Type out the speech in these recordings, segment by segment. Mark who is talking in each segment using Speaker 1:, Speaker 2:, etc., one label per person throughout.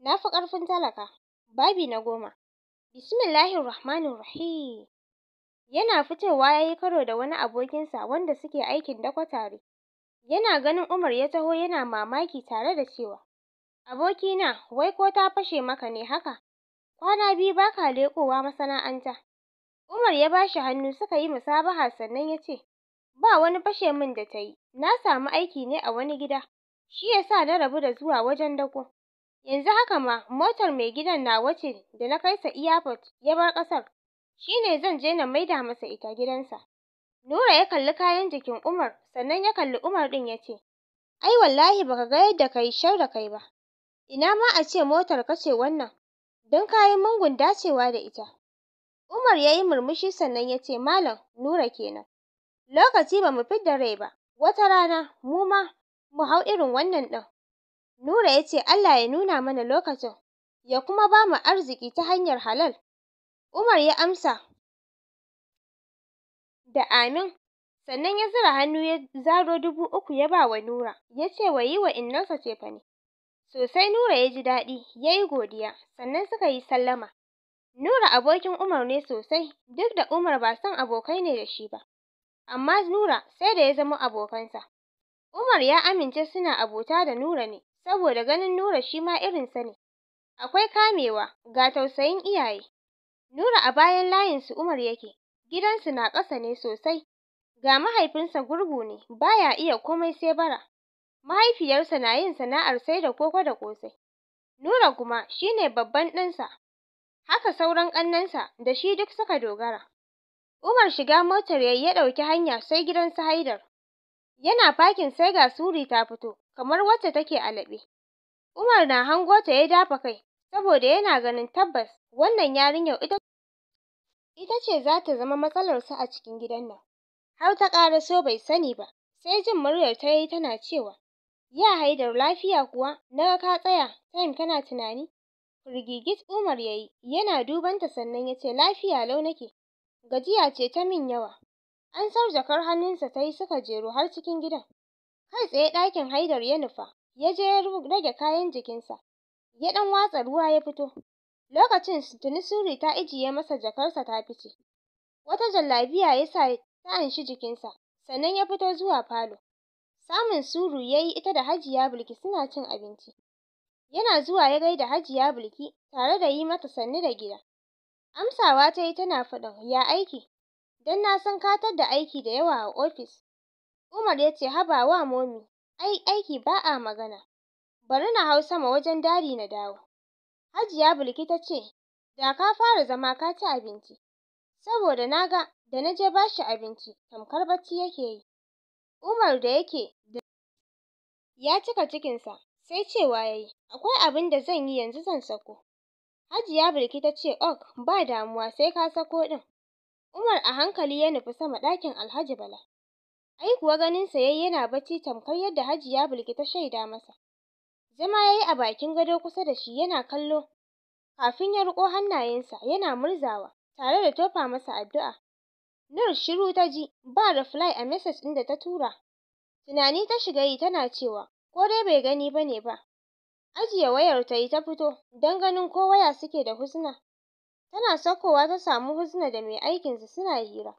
Speaker 1: na fi ƙarfin talaka babi na goma bismillahir rahmanir rahim yana fitowa ya yi karo da wani abokinsa wanda suke aikin dako tare yana ganin Umar ya taho yana mamaki tare da cewa abokina wai ko ta fashe maka ne haka kwana biyu ba ka leƙowa masana'anta Umar ya ba shi hannu suka yi musabaha sannan ya ce ba wani fashe min da ta yi na samu aiki ne a wani gida shi yasa na rabu da zuwa wajen dako Yanzu haka ma motar mai gidan nawa ce da na kai sa airport ya bar ƙasar. Shi ne zan je na maida masa ita gidansa. Nura ya kalli kayan jikin Umar sannan ya kalli Umar ɗin ya ce, Ai wallahi baka ga yadda ka yi shar da kai ba. Ina ma a ce motar ka ce wannan, don ka yi mungun dacewa da ita. Umar ya yi murmushi sannan ya ce, Malam Nura kenan. Lokaci ba mu fidda rai ba, wata rana mu ma mu hau irin wannan ɗin. Nura ya ce Allah ya nuna mana lokacin ya kuma ba mu arziki ta hanyar halal. Umar ya amsa da amin sannan ya zura hannu ya zaro dubu uku ya ba wa Nura ya ce wa yi wa innarsa cefane. Sosai Nura ya ji daɗi ya yi godiya sannan suka yi sallama. Nura abokin Umar ne sosai duk da Umar ba son abokai ne da shi ba. Amma Nura sai da ya zama abokansa. Umar ya amince suna abota da Nura ne saboda ganin Nura shi ma irinsa ne. Akwai kamewa, ga tausayin iyaye. Nura a bayan layinsu Umar yake, gidansu na ƙasa ne sosai. Ga mahaifinsa gurgu ne, baya iya komai sai bara. Mahaifiyarsa na yin sana'ar sai da koko da ƙosai. Nura kuma shine ne babban ɗansa. Haka sauran ƙannensa da shi duk suka dogara. Umar shiga motar yayye ya ɗauki hanya sai gidan su Haidar. yana fakin sai ga suri ta fito kamar wacce take a laɓe Umar na hango ta ya dafa kai saboda yana ganin tabbas wannan yarinyar ita ita ce za ta zama matsalarsa a cikin gidan nan har ta ƙaraso bai sani ba sai jin muryar ta yi tana cewa ya haidar lafiya kuwa na ka tsaya time kana tunani firgigit Umar yayi yana dubanta sannan ya ce lafiya lau nake gajiya ce ta min yawa An sar jakar hannunsa ta yi suka jeru har cikin gidan. Kai tsaye ɗakin Haidar ya nufa, ya je ya rage kayan jikinsa, ya ɗan watsa ruwa ya fito. Lokacin tuni Suri ta ijiye masa jakarsa ta fice. Wata jallabiya ya sa ta anshi jikinsa, sannan ya fito zuwa falo. Samun Suru ya yi ita da Hajiya Bilki suna cin abinci. Yana zuwa ya gaida Hajiya Bilki tare da yi mata sannu da gida. Amsawa ta yi tana faɗin, ya aiki? don na san ka da aiki da yawa a ofis. Umar ya ce haba wa momi, ai aiki ba a magana. Bari na hau sama wajen dari na dawo. Hajiya Bilki ta ce, da ka fara zama ka ci abinci, saboda na ga da na je ba shi abinci tamkar bacci yake yi. Umar da yake da ya cika cikinsa sai cewa ya yi, akwai abin da zan yi yanzu zan sako. Hajiya Bilki ta ce, ok, ba damuwa sai ka sako ɗin. Umar a hankali ya nufi sama ɗakin Alhaji Bala. Ai kuwa ganinsa yayi yana bacci tamkar yadda Hajiya ya ta shaida masa. Zama yayi a bakin gado kusa da shi yana kallo kafin ya riko hannayensa yana murzawa tare da tofa masa addu'a. Nur shiru ta ji ba reply a message ɗin da ta tura. Tunani ta shiga yi tana cewa ko dai bai gani bane ba. Ajiye wayar ta yi ta fito don ganin ko waya suke da Husna. tana saukowa ta samu Husna da mai aikinsa suna hira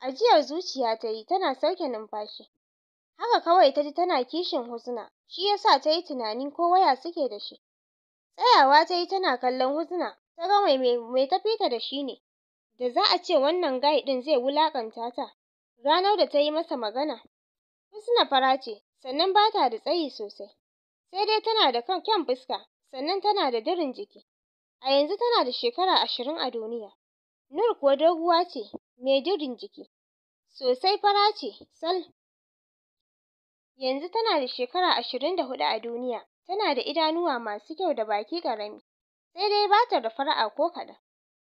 Speaker 1: ajiyar zuciya ta yi tana sauke numfashi haka kawai ta ji tana kishin Husna shi yasa ta yi tunanin ko waya suke da shi tsayawa ta yi tana kallon Husna ta ga mai mai ta fita da shi ne da za a ce wannan guy ɗin zai wulaƙanta ta ranar da ta yi masa magana Husna fara ce sannan ba ta da tsayi sosai sai dai tana da kyan fuska sannan tana da dirin jiki a yanzu tana da shekara ashirin a duniya. Nur kuwa doguwa ce, mai jirin jiki, sosai fara ce sal. Yanzu tana da shekara ashirin da hudu a duniya, tana da idanuwa masu kyau da baki karami sai dai ba ta da fara'a ko kaɗan.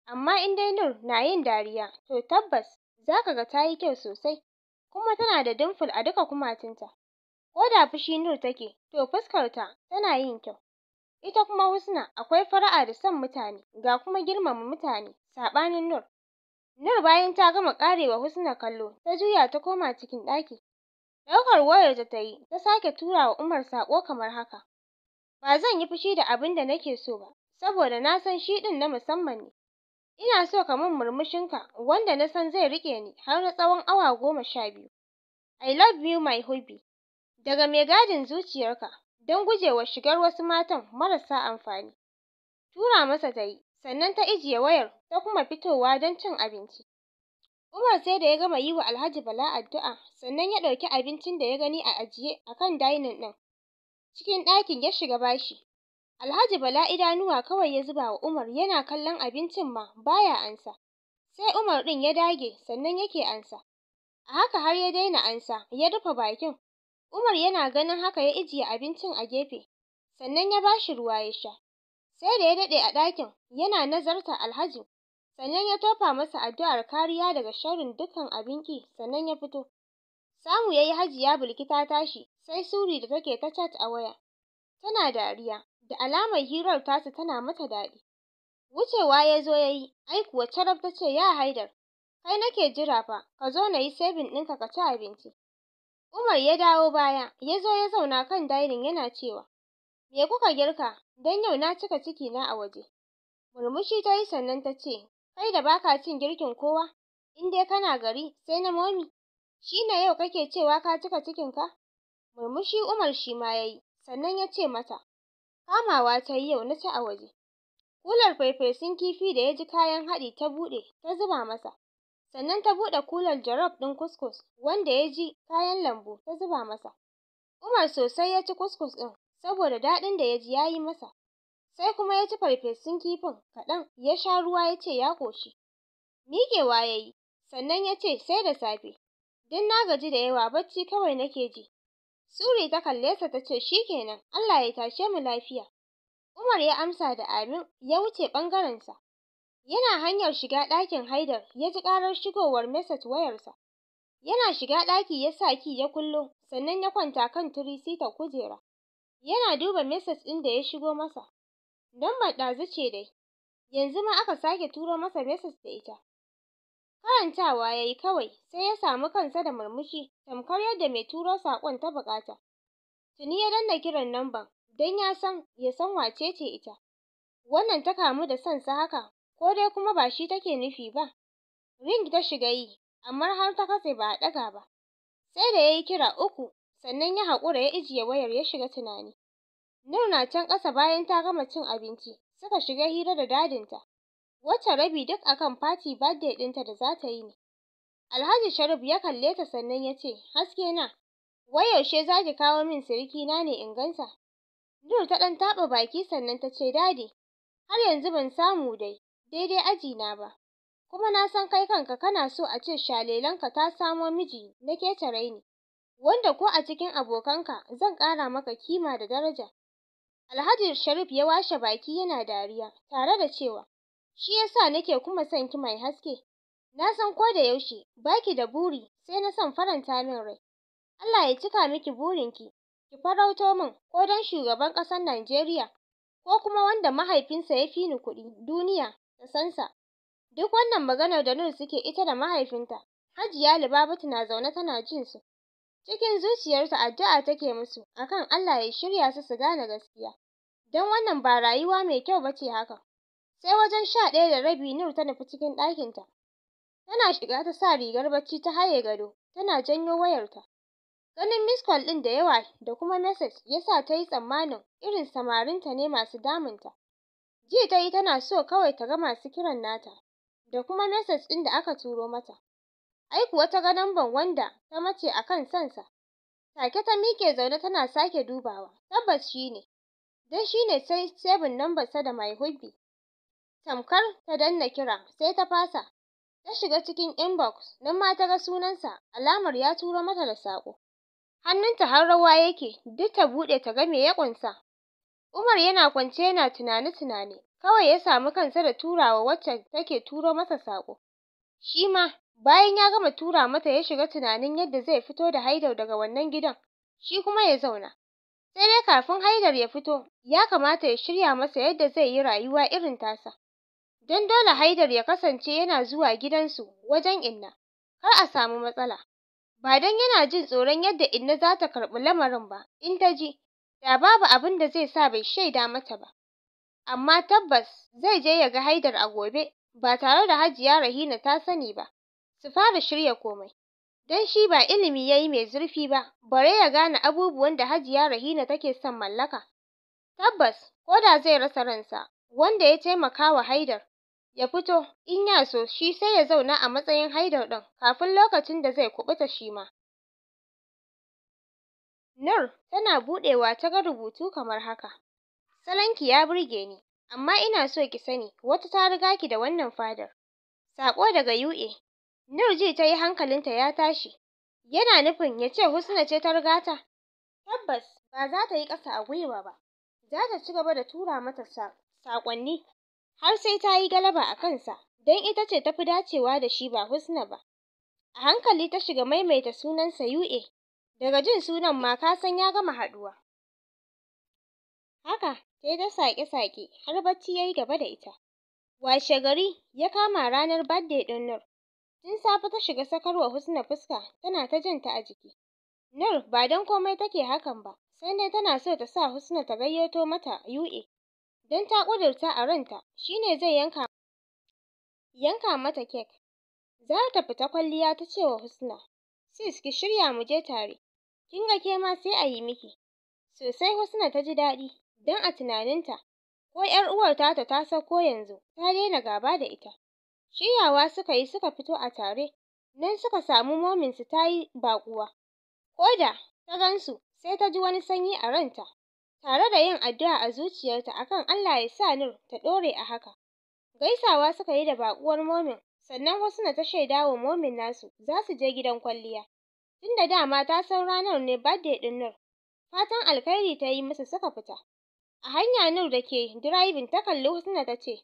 Speaker 1: Amma in dai Nur na yin dariya, to tabbas za ka ga ta yi kyau sosai, kuma tana da dimple a duka kumatunta. Ko da fushi Nur take, to fuskarta tana yin kyau. ita kuma Husna akwai fara'a da son mutane ga kuma girmama mutane saɓanin Nur Nur bayan ta gama ƙarewa Husna kallo ta juya ta koma cikin ɗaki ɗaukar wayar da ta yi ta sake tura wa Umar sako kamar haka ba zan yi fushi da abin da nake so ba saboda na san shi ɗin na musamman ne ina so ka murmushin murmushinka wanda na san zai riƙe ni har na tsawon awa goma sha biyu I love you my hubby daga mai gadin zuciyarka don gujewa shigar wasu matan marasa amfani. Tura masa ta yi, sannan ta ijiye wayar ta kuma fitowa don cin abinci. Umar sai da ya gama yi wa Alhaji Bala addu'a sannan ya ɗauki abincin da ya gani a ajiye a kan dainin ɗin. Cikin ɗakin ya shiga bashi. Alhaji Bala idanuwa kawai ya zuba wa Umar yana kallon abincin ma ba ya ansa. Sai Umar ɗin ya dage sannan yake ansa. A haka har ya daina ansa ya rufe bakin Umar yana ganin haka ya ijiye abincin a gefe sannan ya bashi ruwa ya sha. Sai da ya daɗe a ɗakin yana nazarta Alhaji sannan ya tofa masa addu'ar kariya daga sharrin dukkan abin ƙi sannan ya fito. Samu ya yi Hajiya bulkita tashi sai suri da take ta cat a waya. Tana dariya da alamar hirar tasu tana mata daɗi. Wucewa ya zo ya yi, ai kuwa carab ta ce ya Haidar kai nake jira fa ka zo na yi saving ɗinka ka ci abinci. Umar ya dawo baya, ya zo ya zauna kan dining yana cewa, "Me kuka girka? Don yau na cika ciki na a waje." Murmushi ta yi sannan ta ce, "Kai da baka cin girkin kowa, in dai kana gari sai na momi, shi ne yau kake cewa ka cika cikinka?" Murmushi Umar shi ma ya yi, sannan ya ce mata, "Kamawa ta yi yau na ci a waje." Kular farfesun kifi da ya ji kayan haɗi ta buɗe ta zuba masa. sannan ta buɗe kulan jarab ɗin kuskus wanda ya ji kayan lambu ta zuba masa. Umar sosai ya ci kuskus ɗin saboda daɗin da ya ji ya yi masa. Sai kuma ya ci farfesun kifin kaɗan ya sha ruwa ya ce ya ƙoshi. Miƙewa ya yi sannan ya ce sai da safe. Don na gaji da yawa bacci kawai nake ji. Suri ta kalle sa ta ce kenan, Allah ya tashe mu lafiya. Umar ya amsa da amin ya wuce ɓangarensa. Yana hanyar shiga ɗakin Haidar ya ji ƙarar shigowar mesej wayarsa. Yana shiga ɗaki ya sa ki ya kullo sannan ya kwanta kan tiri kujera. Yana duba mesej ɗin da ya shigo masa. Lambar ɗazu ce dai. Yanzu ma aka sake turo masa mesej da ita. Karantawa ya yi kawai sai ya samu kansa da murmushi tamkar yadda mai turo saƙon ta buƙata. Tuni ya danna kiran lambar don ya san ya san wace ce ita. Wannan ta kamu da son sa haka ko dai kuma ba shi take nufi ba ring ta shiga yi amma har ta kafe ba a ɗaga ba sai da yayi kira uku sannan ya haƙura ya ijiye wayar ya shiga tunani Nur na can ƙasa bayan ta gama cin abinci suka shiga hira da dadinta wacce rabi duk akan fati birthday ɗinta da za ta yi ne Alhaji Sharif ya kalle ta sannan ya ce haske na wai yaushe za ki kawo min siriki na ne in gansa Nur ta ɗan taɓa baki sannan ta ce dadi har yanzu ban samu dai daidai na ba kuma na san kai kanka kana so a ce shalelanka ta samo miji na ketare ne wanda ko a cikin abokanka zan ƙara maka kima da daraja Alhaji Sharif ya washe baki yana dariya tare da cewa shi yasa nake kuma son ki mai haske na san ko da yaushe baki da buri sai na son faranta min rai Allah ya cika miki burinki ki farauto min ko don shugaban ƙasar Najeriya ko kuma wanda mahaifinsa ya fi ni kuɗi duniya ta duk wannan maganar da Nur suke ita da mahaifinta Hajiya Libabatu na zaune tana jin su cikin zuciyarta addu'a take musu akan Allah ya shirya su su gane gaskiya don wannan ba rayuwa mai kyau ba ce haka sai wajen sha ɗaya da rabi Nur ta nufi cikin ɗakinta tana shiga ta sa rigar bacci ta haye gado tana janyo wayarta ganin miss call ɗin da yawa da kuma message ya sa ta yi tsammanin irin samarinta ne masu damunta Ji ta yi tana so kawai ta ga masu kiran nata da kuma message ɗin da aka turo mata. Ai kuwa ta ga wanda ta mace a kan sansa. Take ta miƙe zaune tana sake dubawa, tabbas shi ne. shine shi ne sai yi lambarsa da my hobby. Tamkar ta danna kira sai ta fasa. Ta shiga cikin inbox nan ma ta ga sunansa alamar ya turo mata da saƙo. Hannunta har rawa yake duk ta buɗe ta ga me ya ƙunsa. Umar yana kwance yana tunane-tunane kawai ya samu kansa da turawa wacce take turo masa saƙo shi ma bayan ya gama tura mata ya shiga tunanin yadda zai fito da Haidar daga wannan gidan shi kuma ya zauna sai dai kafin Haidar ya fito ya kamata ya shirya masa yadda zai yi rayuwa irin tasa don dole Haidar ya kasance yana zuwa gidansu wajen Inna kar a samu matsala ba don yana jin tsoron yadda Inna za ta karɓi lamarin ba in ta ji da babu abin da zai sa bai shaida mata ba amma tabbas zai je ya ga Haidar a gobe ba tare da Hajiya Rahina ta sani ba su fara shirya komai dan shi ba ilimi yayi mai zurfi ba bare ya gane abubuwan da Hajiya Rahina take son mallaka tabbas ko da zai rasa ransa wanda ya taimaka wa Haidar ya fito in ya so shi sai ya zauna a matsayin Haidar ɗin kafin lokacin da zai kuɓuta shi ma Nur tana buɗewa ta ga rubutu kamar haka. Salanki ya burge ni, amma ina so ki sani wata ta riga ki da wannan fadar. Saƙo daga UA. Nur ji ta yi hankalinta ya tashi. Yana nufin ya ce Husna ce ta riga ta? Tabbas ba za ta yi ƙasa a gwiwa ba. Za ta ci gaba da tura mata saƙonni har sai ta yi galaba a kansa, don ita ce ta fi dacewa da shi ba Husna ba. A hankali ta shiga maimaita sunansa UA. daga jin sunan ma ka san ya gama haɗuwa haka sai ta saƙe-saƙe har bacci yayi gaba da ita washe gari ya kama ranar birthday ɗin Nur tun safe ta shiga sakarwa Husna fuska tana ta jin ta a jiki Nur ba dan komai take hakan ba sai dai tana so ta sa Husna ta gayyato mata ua don ta ƙudurta a ranta shine zai yanka yanka mata kek za ta fita kwalliya ta ce wa Husna sis ki shirya mu je tare kin ga ke ma sai a yi miki sosai Husna ta ji daɗi don a tunaninta ko ‘yar uwar tata ta sauko yanzu ta daina gaba da ita shiryawa suka yi suka fito a tare nan suka samu mominsu ta yi baƙuwa ko da ta gansu sai ta ji wani sanyi a ranta tare da yin addu'a a zuciyarta akan Allah ya sa Nur ta ɗore a haka gaisawa suka yi da baƙuwar momin sannan Husna ta shaida wa momin nasu za su je gidan kwalliya tunda dama ta san ranar ne birthday din Nur. Fatan alkhairi ta yi masa suka fita. A hanya Nur da ke driving ta kalli Husna ta ce,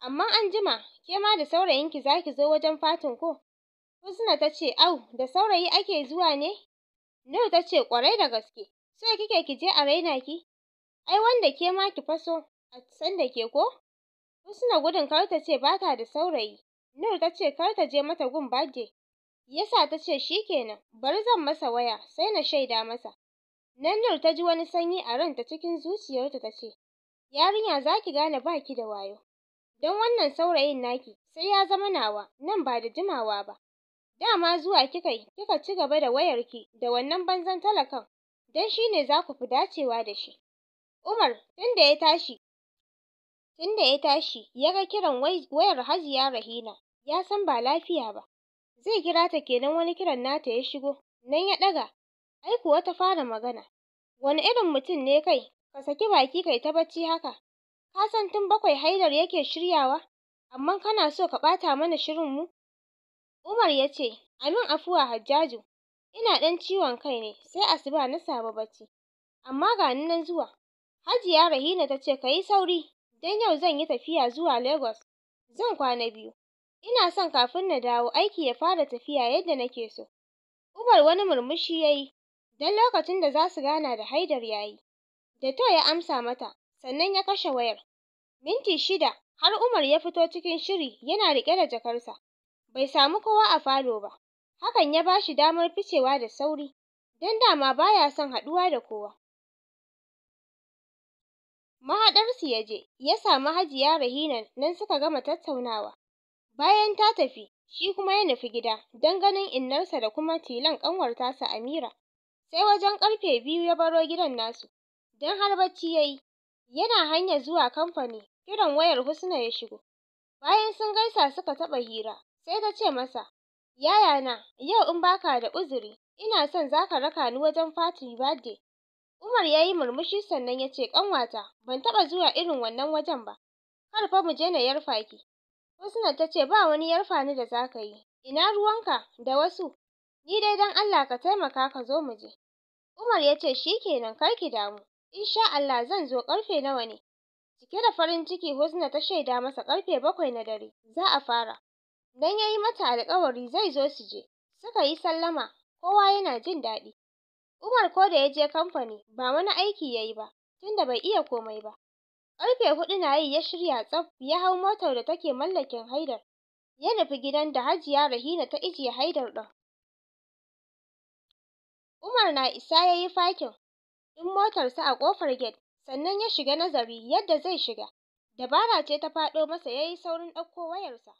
Speaker 1: Amma an jima, ke ma da saurayinki za ki zo wajen fatin ko? Husna ta ce, Au, da saurayi ake zuwa ne? Nur ta ce, Ƙwarai da gaske, so kike ki je a raina ki? Ai, wanda ke ma ki faso, a san da ke ko? Husna gudun kar ta ce ba ta da saurayi. Nur ta ce kar ta je mata gun birthday. yasa ta ce kenan. bari zan masa waya sai na shaida masa nan ta ji wani sanyi a ranta cikin zuciyarta ta ce yarinya za ki gane ba ki da wayo don wannan saurayin naki sai ya zama nawa nan ba da jimawa ba dama zuwa kika yi kika ci gaba da wayarki da wannan banzan talakan don ne za ku fi dacewa da shi Umar tunda ya tashi tunda ya tashi ya ga kiran wayar Hajiya Rahina ya san ba lafiya ba Zai kira ta kenan wani kiran nata ya shigo, nan ya ɗaga. Ai kuwa ta fara magana. Wani irin mutum ne kai, ka saki baki kai ta bacci haka. Ka san tun bakwai Haidar yake shiryawa, amma kana so ka bata mana shirin mu? Umar ya ce, Amin afuwa Hajjaju, ina dan ciwon kai ne, sai asuba na sabo bacci. Amma ga ni nan zuwa. Hajiya Rahina ta ce ka yi sauri, dan yau zan yi tafiya zuwa Lagos. Zan kwana biyu. Ina son kafin na dawo aiki ya fara tafiya yadda nake so. Umar wani murmushi ya yi, don lokacin da za su gana da Haidar ya yi. Dato ya amsa mata, sannan ya kashe wayar. Minti shida har Umar ya fito cikin shiri yana riƙe da jakarsa. Bai samu kowa a falo ba, hakan ya ba shi damar ficewa da sauri, don dama ba ya son haɗuwa da kowa. Mahaɗarsu ya je, ya sami Hajiya Rahina nan suka gama tattaunawa. Bayan ta tafi, shi kuma ya nufi gida don ganin innarsa da kuma tilan ƙanwar tasa Amira. Sai wajen ƙarfe biyu ya baro gidan nasu, don har bacci ya yi. Yana hanyar zuwa kamfani, kiran wayar Husna ya shigo. Bayan sun gaisa suka taɓa hira, sai ta ce masa, na, yau in baka da uzuri, ina son za ka raka ni wajen fatin birthday. Umar ya yi murmushi sannan ya ce, Ƙanwata, ban taɓa zuwa irin wannan wajen ba. Kar fa mu je na yarfa ki, Husna ta ce ba wani yarfa ni da za ka yi, ina ruwanka da wasu, ni dai don Allah ka taimaka ka zo mu je. Umar ya ce shi kenan kar ki damu, sha Allah zan zo ƙarfe nawa ne. Cike da farin ciki Husna ta shaida masa ƙarfe bakwai na dare za a fara. Dan ya yi mata alƙawari zai zo su je, suka yi sallama kowa yana jin daɗi. Umar ko da ya je kamfani ba wani aiki ya yi ba, tunda bai iya komai ba. Ƙarfe huɗu na yi ya shirya tsaf ya hau motar da take mallakin Haidar. Ya nufi gidan da Hajiya Rahina ta ijiye Haidar ɗin. Umar na isa ya yi fakin ɗin motarsa a ƙofar gate sannan ya shiga nazari yadda zai shiga. Dabara ce ta faɗo masa ya yi saurin ɗauko wayarsa.